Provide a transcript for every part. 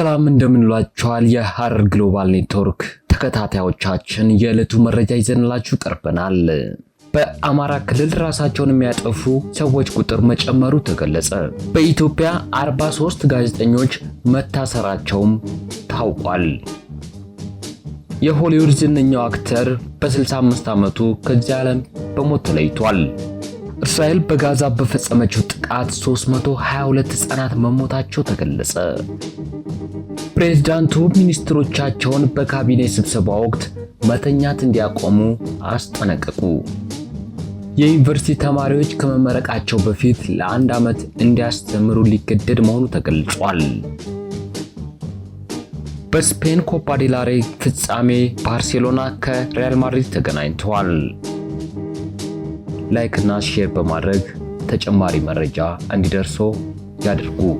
ሰላም እንደምንሏቸዋል የሐረር ግሎባል ኔትወርክ ተከታታዮቻችን የዕለቱ መረጃ ይዘንላችሁ ቀርበናል። በአማራ ክልል ራሳቸውን የሚያጠፉ ሰዎች ቁጥር መጨመሩ ተገለጸ። በኢትዮጵያ 43 ጋዜጠኞች መታሰራቸውም ታውቋል። የሆሊውድ ዝነኛው አክተር በ65 ዓመቱ ከዚህ ዓለም በሞት ተለይቷል። እስራኤል በጋዛ በፈጸመችው ጥቃት 322 ሕፃናት መሞታቸው ተገለጸ። ፕሬዝዳንቱ ሚኒስትሮቻቸውን በካቢኔ ስብሰባ ወቅት መተኛት እንዲያቆሙ አስጠነቀቁ። የዩኒቨርሲቲ ተማሪዎች ከመመረቃቸው በፊት ለአንድ ዓመት እንዲያስተምሩ ሊገደድ መሆኑ ተገልጿል። በስፔን ኮፓ ዴል ፍጻሜ ባርሴሎና ከሪያል ማድሪድ ተገናኝተዋል። ላይክ እና ሼር በማድረግ ተጨማሪ መረጃ እንዲደርሶ ያድርጉ።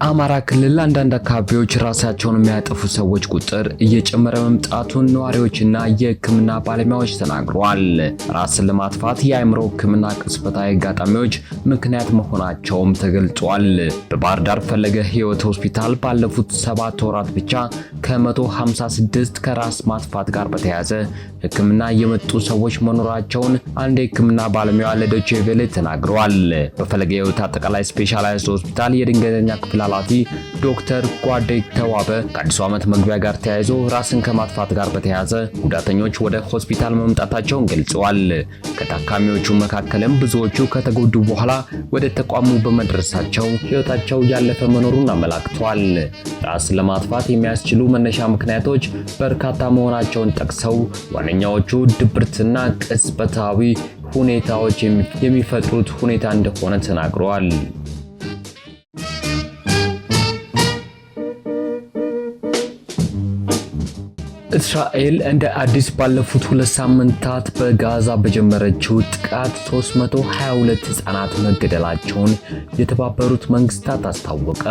በአማራ ክልል አንዳንድ አካባቢዎች ራሳቸውን የሚያጠፉ ሰዎች ቁጥር እየጨመረ መምጣቱን ነዋሪዎችና የሕክምና ባለሙያዎች ተናግረዋል። ራስን ለማጥፋት የአእምሮ ሕክምና ቅጽበታዊ አጋጣሚዎች ምክንያት መሆናቸውም ተገልጿል። በባህር ዳር ፈለገ ሕይወት ሆስፒታል ባለፉት ሰባት ወራት ብቻ ከ156 ከራስ ማጥፋት ጋር በተያያዘ ሕክምና የመጡ ሰዎች መኖራቸውን አንድ የሕክምና ባለሙያ ለዶቼ ቬለ ተናግረዋል። በፈለገ ሕይወት አጠቃላይ ስፔሻላይዝድ ሆስፒታል የድንገተኛ ክፍል ኃላፊ ዶክተር ጓዴ ተዋበ ከአዲሱ ዓመት መግቢያ ጋር ተያይዞ ራስን ከማጥፋት ጋር በተያያዘ ጉዳተኞች ወደ ሆስፒታል መምጣታቸውን ገልጸዋል። ከታካሚዎቹ መካከልም ብዙዎቹ ከተጎዱ በኋላ ወደ ተቋሙ በመድረሳቸው ሕይወታቸው ያለፈ መኖሩን አመላክቷል። ራስ ለማጥፋት የሚያስችሉ መነሻ ምክንያቶች በርካታ መሆናቸውን ጠቅሰው ዋነኛዎቹ ድብርትና ቅጽበታዊ ሁኔታዎች የሚፈጥሩት ሁኔታ እንደሆነ ተናግረዋል። እስራኤል እንደ አዲስ ባለፉት ሁለት ሳምንታት በጋዛ በጀመረችው ጥቃት 322 ህጻናት መገደላቸውን የተባበሩት መንግስታት አስታወቀ።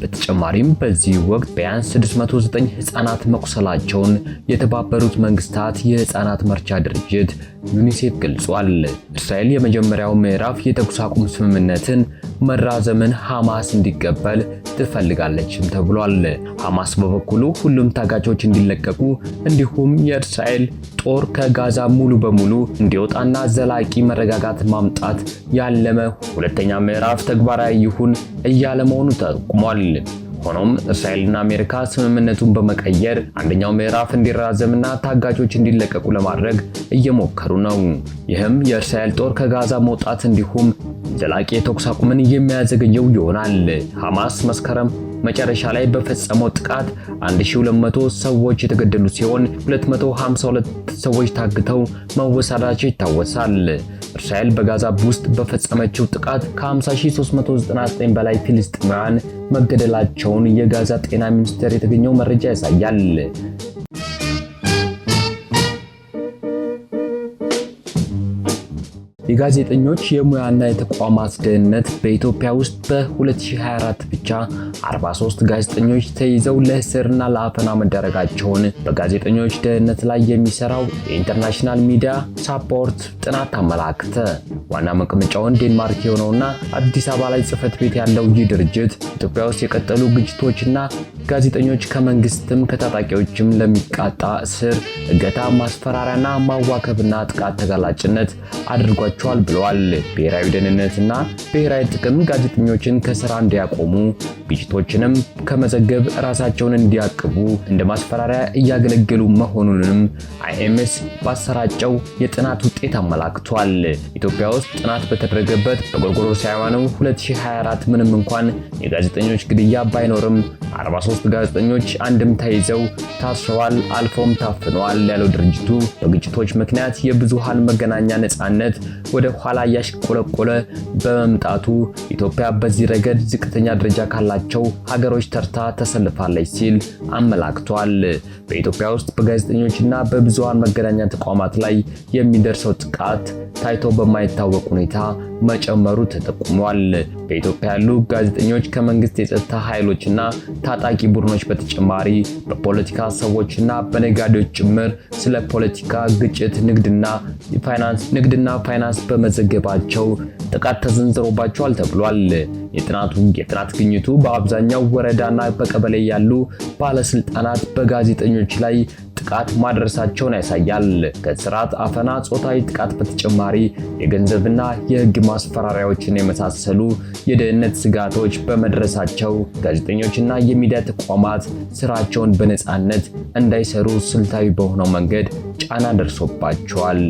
በተጨማሪም በዚህ ወቅት ቢያንስ 609 ህጻናት መቁሰላቸውን የተባበሩት መንግስታት የህጻናት መርቻ ድርጅት ዩኒሴፍ ገልጿል። እስራኤል የመጀመሪያው ምዕራፍ የተኩስ አቁም ስምምነትን መራዘምን ሐማስ እንዲቀበል ትፈልጋለችም ተብሏል። ሐማስ በበኩሉ ሁሉም ታጋቾች እንዲለቀቁ እንዲሁም የእስራኤል ጦር ከጋዛ ሙሉ በሙሉ እንዲወጣና ዘላቂ መረጋጋት ማምጣት ያለመ ሁለተኛ ምዕራፍ ተግባራዊ ይሁን እያለ መሆኑ ተጠቁሟል። ሆኖም እስራኤልና አሜሪካ ስምምነቱን በመቀየር አንደኛው ምዕራፍ እንዲራዘምና ታጋቾች እንዲለቀቁ ለማድረግ እየሞከሩ ነው። ይህም የእስራኤል ጦር ከጋዛ መውጣት እንዲሁም ዘላቂ የተኩስ አቁምን የሚያዘገየው ይሆናል። ሐማስ መስከረም መጨረሻ ላይ በፈጸመው ጥቃት 1200 ሰዎች የተገደሉ ሲሆን 252 ሰዎች ታግተው መወሰዳቸው ይታወሳል። እስራኤል በጋዛ ውስጥ በፈጸመችው ጥቃት ከ50399 በላይ ፊልስጤማውያን መገደላቸውን የጋዛ ጤና ሚኒስቴር የተገኘው መረጃ ያሳያል። የጋዜጠኞች የሙያና የተቋማት ደህንነት በኢትዮጵያ ውስጥ በ2024 ብቻ 43 ጋዜጠኞች ተይዘው ለእስርና ለአፈና መዳረጋቸውን በጋዜጠኞች ደህንነት ላይ የሚሰራው የኢንተርናሽናል ሚዲያ ሳፖርት ጥናት አመላክተ። ዋና መቀመጫውን ዴንማርክ የሆነውና አዲስ አበባ ላይ ጽህፈት ቤት ያለው ይህ ድርጅት ኢትዮጵያ ውስጥ የቀጠሉ ግጭቶችና ጋዜጠኞች ከመንግስትም ከታጣቂዎችም ለሚቃጣ እስር፣ እገታ፣ ማስፈራሪያና ማዋከብና ጥቃት ተጋላጭነት አድርጓቸው ይገባቸዋል ብለዋል። ብሔራዊ ደህንነትና ብሔራዊ ጥቅም ጋዜጠኞችን ከስራ እንዲያቆሙ፣ ግጭቶችንም ከመዘገብ ራሳቸውን እንዲያቅቡ እንደ ማስፈራሪያ እያገለገሉ መሆኑንም አይኤምኤስ ባሰራጨው የጥናት ውጤት አመላክቷል። ኢትዮጵያ ውስጥ ጥናት በተደረገበት በጎርጎሮሳውያኑ 2024 ምንም እንኳን የጋዜጠኞች ግድያ ባይኖርም 43 ጋዜጠኞች አንድም ተይዘው ታስረዋል፣ አልፎም ታፍነዋል ያለው ድርጅቱ በግጭቶች ምክንያት የብዙሃን መገናኛ ነፃነት ወደ ኋላ እያሽቆለቆለ በመምጣቱ ኢትዮጵያ በዚህ ረገድ ዝቅተኛ ደረጃ ካላቸው ሀገሮች ተርታ ተሰልፋለች ሲል አመላክቷል። በኢትዮጵያ ውስጥ በጋዜጠኞችና በብዙሃን መገናኛ ተቋማት ላይ የሚደርሰው ጥቃት ታይቶ በማይታወቅ ሁኔታ መጨመሩ ተጠቁሟል። በኢትዮጵያ ያሉ ጋዜጠኞች ከመንግስት የጸጥታ ኃይሎችና ታጣቂ ቡድኖች በተጨማሪ በፖለቲካ ሰዎችና በነጋዴዎች ጭምር ስለ ፖለቲካ ግጭት፣ ንግድና ፋይናንስ ንግድና ፋይናንስ በመዘገባቸው ጥቃት ተሰንዝሮባቸዋል ተብሏል። የጥናቱ የጥናት ግኝቱ በአብዛኛው ወረዳና በቀበሌ ያሉ ባለስልጣናት በጋዜጠኞች ላይ ጥቃት ማድረሳቸውን ያሳያል። ከስርዓት አፈና፣ ጾታዊ ጥቃት በተጨማሪ የገንዘብና የሕግ ማስፈራሪያዎችን የመሳሰሉ የደህንነት ስጋቶች በመድረሳቸው ጋዜጠኞችና የሚዲያ ተቋማት ስራቸውን በነፃነት እንዳይሰሩ ስልታዊ በሆነው መንገድ ጫና ደርሶባቸዋል።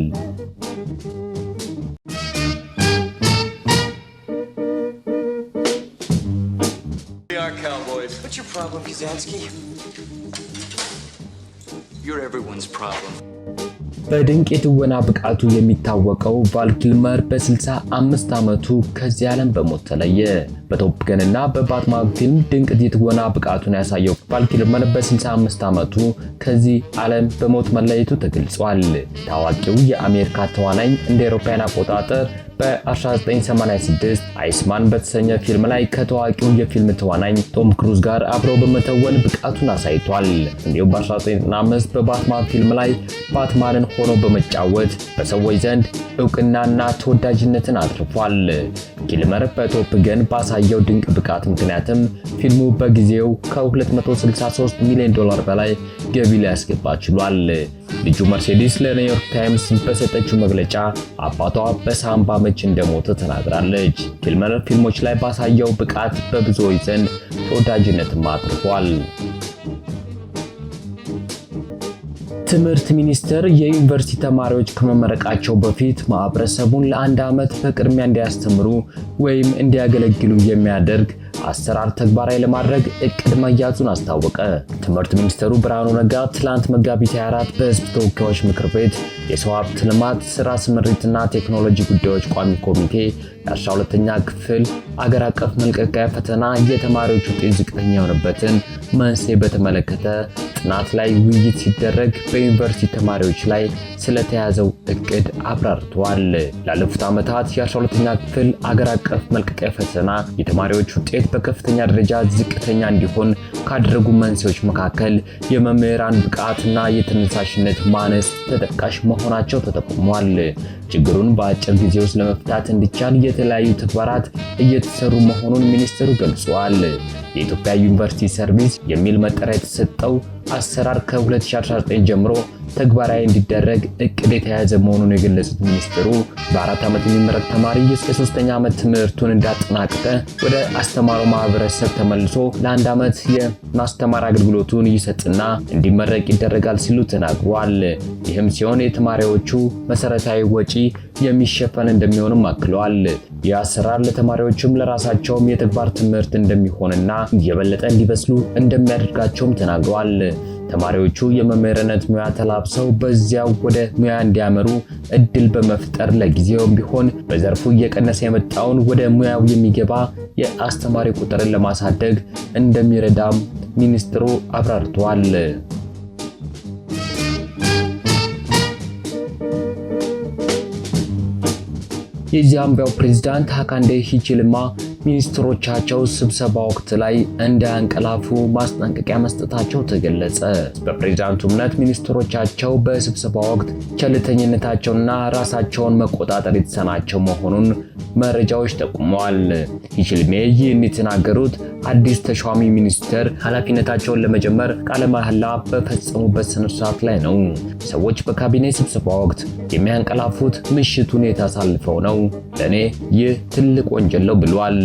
በድንቅ የትወና ብቃቱ የሚታወቀው ቫልኪልመር በ65 ዓመቱ ከዚህ ዓለም በሞት ተለየ። በቶፕ ገን እና በባትማን ፊልም ድንቅ የትወና ብቃቱን ያሳየው ቫልኪልመር በ65 ዓመቱ ከዚህ ዓለም በሞት መለየቱ ተገልጿል። ታዋቂው የአሜሪካ ተዋናኝ እንደ አውሮፓውያን አቆጣጠር በ1986 አይስማን በተሰኘ ፊልም ላይ ከታዋቂው የፊልም ተዋናኝ ቶም ክሩዝ ጋር አብረው በመተወን ብቃቱን አሳይቷል። እንዲሁም በ1995 በባትማን ፊልም ላይ ባትማንን ሆኖ በመጫወት በሰዎች ዘንድ እውቅናና ተወዳጅነትን አትርፏል። ኪልመር በቶፕ ገን ባሳየው ድንቅ ብቃት ምክንያትም ፊልሙ በጊዜው ከ263 ሚሊዮን ዶላር በላይ ገቢ ሊያስገባ ችሏል። ልጁ መርሴዲስ ለኒውዮርክ ታይምስ በሰጠችው መግለጫ አባቷ በሳምባ ምች እንደሞተ ተናግራለች። ኪልመር ፊልሞች ላይ ባሳየው ብቃት በብዙዎች ዘንድ ተወዳጅነትም አትርፏል። ትምህርት ሚኒስቴር የዩኒቨርሲቲ ተማሪዎች ከመመረቃቸው በፊት ማህበረሰቡን ለአንድ ዓመት በቅድሚያ እንዲያስተምሩ ወይም እንዲያገለግሉ የሚያደርግ አሰራር ተግባራዊ ለማድረግ እቅድ መያዙን አስታወቀ። ትምህርት ሚኒስትሩ ብርሃኑ ነጋ ትላንት መጋቢት 24 በህዝብ ተወካዮች ምክር ቤት የሰው ሀብት ልማት ስራ ስምሪትና ቴክኖሎጂ ጉዳዮች ቋሚ ኮሚቴ የ 12 ክፍል አገር አቀፍ መልቀቂያ ፈተና የተማሪዎች ውጤት ዝቅተኛ የሆነበትን መንስኤ በተመለከተ ጥናት ላይ ውይይት ሲደረግ በዩኒቨርሲቲ ተማሪዎች ላይ ስለተያዘው እቅድ አብራርተዋል። ላለፉት ዓመታት የ12ኛ ክፍል አገር አቀፍ መልቀቂያ ፈተና የተማሪዎች ውጤት በከፍተኛ ደረጃ ዝቅተኛ እንዲሆን ካደረጉ መንስኤዎች መካከል የመምህራን ብቃትና የተነሳሽነት ማነስ ተጠቃሽ መሆ መሆናቸው ተጠቁሟል። ችግሩን በአጭር ጊዜ ውስጥ ለመፍታት እንዲቻል የተለያዩ ተግባራት እየተሰሩ መሆኑን ሚኒስትሩ ገልጿል። የኢትዮጵያ ዩኒቨርሲቲ ሰርቪስ የሚል መጠሪያ የተሰጠው አሰራር ከ2019 ጀምሮ ተግባራዊ እንዲደረግ እቅድ የተያዘ መሆኑን የገለጹት ሚኒስትሩ በአራት ዓመት የሚመረቅ ተማሪ ሶስተኛ ዓመት ትምህርቱን እንዳጠናቀቀ ወደ አስተማረው ማህበረሰብ ተመልሶ ለአንድ ዓመት የማስተማር አገልግሎቱን ይሰጥና እንዲመረቅ ይደረጋል ሲሉ ተናግሯል። ይህም ሲሆን የተማሪዎቹ መሰረታዊ ወጪ የሚሸፈን እንደሚሆንም አክለዋል። ይህ አሰራር ለተማሪዎችም ለራሳቸውም የተግባር ትምህርት እንደሚሆንና የበለጠ እንዲበስሉ እንደሚያደርጋቸውም ተናግሯል። ተማሪዎቹ የመምህርነት ሙያ ተላብሰው በዚያው ወደ ሙያ እንዲያመሩ እድል በመፍጠር ለጊዜውም ቢሆን በዘርፉ እየቀነሰ የመጣውን ወደ ሙያው የሚገባ የአስተማሪ ቁጥርን ለማሳደግ እንደሚረዳም ሚኒስትሩ አብራርተዋል። የዛምቢያው ፕሬዝዳንት ሀካንዴ ሂቺልማ ሚኒስትሮቻቸው ስብሰባ ወቅት ላይ እንዳያንቀላፉ ማስጠንቀቂያ መስጠታቸው ተገለጸ። በፕሬዚዳንቱ እምነት ሚኒስትሮቻቸው በስብሰባ ወቅት ቸልተኝነታቸውና ራሳቸውን መቆጣጠር የተሰናቸው መሆኑን መረጃዎች ጠቁመዋል። ይችልሜ ይህን የተናገሩት አዲስ ተሿሚ ሚኒስትር ኃላፊነታቸውን ለመጀመር ቃለ መሐላ በፈጸሙበት ስነ ስርዓት ላይ ነው። ሰዎች በካቢኔ ስብሰባ ወቅት የሚያንቀላፉት ምሽቱን የታሳልፈው ነው። ለእኔ ይህ ትልቅ ወንጀል ነው ብሏል።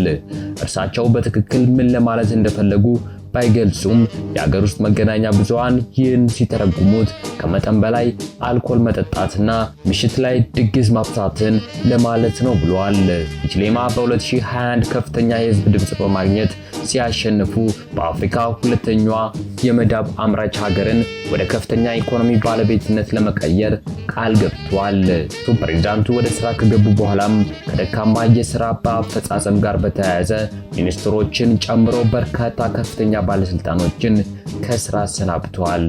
እርሳቸው በትክክል ምን ለማለት እንደፈለጉ ባይገልጹም የአገር ውስጥ መገናኛ ብዙሃን ይህን ሲተረጉሙት ከመጠን በላይ አልኮል መጠጣትና ምሽት ላይ ድግስ ማብሳትን ለማለት ነው ብለዋል። ኢችሌማ በ2021 ከፍተኛ የህዝብ ድምፅ በማግኘት ሲያሸንፉ በአፍሪካ ሁለተኛዋ የመዳብ አምራች ሀገርን ወደ ከፍተኛ ኢኮኖሚ ባለቤትነት ለመቀየር ቃል ገብቷል። ፕሬዚዳንቱ ወደ ስራ ከገቡ በኋላም ከደካማ የስራ አፈጻጸም ጋር በተያያዘ ሚኒስትሮችን ጨምሮ በርካታ ከፍተኛ ባለስልጣኖችን ከስራ አሰናብተዋል።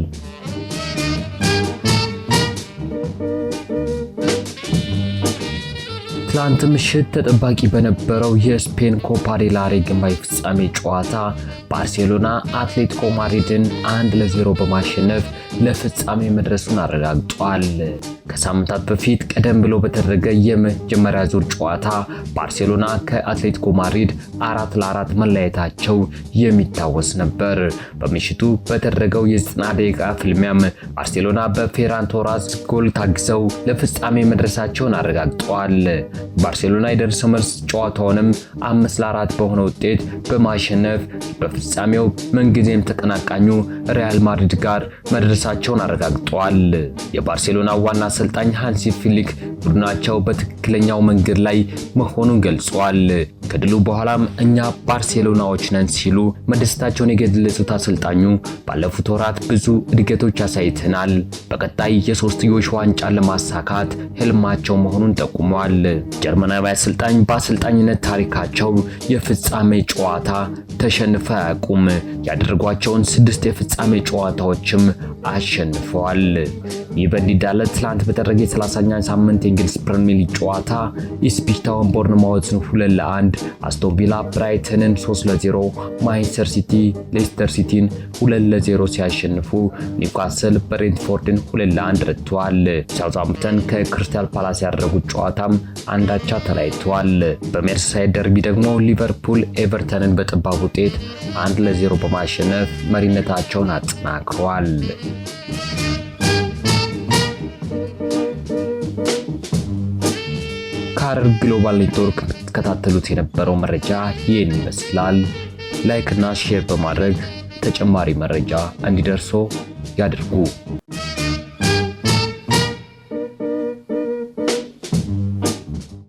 ትላንት ምሽት ተጠባቂ በነበረው የስፔን ኮፓ ዴል ግማሽ ፍጻሜ ጨዋታ ባርሴሎና አትሌቲኮ ማድሪድን አንድ ለዜሮ በማሸነፍ ለፍጻሜ መድረሱን አረጋግጧል። ከሳምንታት በፊት ቀደም ብሎ በተደረገ የመጀመሪያ ዙር ጨዋታ ባርሴሎና ከአትሌቲኮ ማድሪድ አራት ለአራት መለያየታቸው የሚታወስ ነበር። በምሽቱ በተደረገው የ ደቂቃ ፍልሚያም ባርሴሎና በፌራን ቶራስ ጎል ታግዘው ለፍጻሜ መድረሳቸውን አረጋግጧል። ባርሴሎና የደርሶ መልስ ጨዋታውንም አምስት ለአራት በሆነ ውጤት በማሸነፍ በፍጻሜው ምንጊዜም ተቀናቃኙ ሪያል ማድሪድ ጋር መድረሳቸውን አረጋግጠዋል። የባርሴሎና ዋና አሰልጣኝ ሃንሲ ፊሊክ ቡድናቸው በትክክለኛው መንገድ ላይ መሆኑን ገልጿል። ከድሉ በኋላም እኛ ባርሴሎናዎች ነን ሲሉ መደሰታቸውን የገለጹት አሰልጣኙ ባለፉት ወራት ብዙ እድገቶች አሳይተናል፣ በቀጣይ የሶስትዮሽ ዋንጫ ለማሳካት ህልማቸው መሆኑን ጠቁመዋል። ጀርመናዊ አሰልጣኝ በአሰልጣኝነት ታሪካቸው የፍጻሜ ጨዋታ ተሸንፈ አያውቁም። ያደረጓቸውን ስድስት የፍጻሜ ጨዋታዎችም አሸንፈዋል። ይህ በእንዲህ እንዳለ ትላንት በተደረገ የ30ኛ ሳምንት የእንግሊዝ ፕሪሚየር ሊግ ጨዋታ ኢፕስዊችታውን ቦርንማውትን 2 ለ1፣ አስቶን ቪላ ብራይተንን 3 ለ0፣ ማንቸስተር ሲቲ ሌስተር ሲቲን 2 ለ0 ሲያሸንፉ ኒውካስል ብሬንትፎርድን 2 ለአንድ 1 ረትተዋል። ሳውዝሃምፕተን ከክሪስታል ፓላስ ያደረጉት ጨዋታም አንዳቻ ተለያይተዋል። በሜርሳይድ ደርቢ ደግሞ ሊቨርፑል ኤቨርተንን በጠባብ ውጤት 1 ለ0 በማሸነፍ መሪነታቸውን አጠናክረዋል። ከሐረር ግሎባል ኔትወርክ ከተከታተሉት የነበረው መረጃ ይህን ይመስላል። ላይክ እና ሼር በማድረግ ተጨማሪ መረጃ እንዲደርሶ ያድርጉ።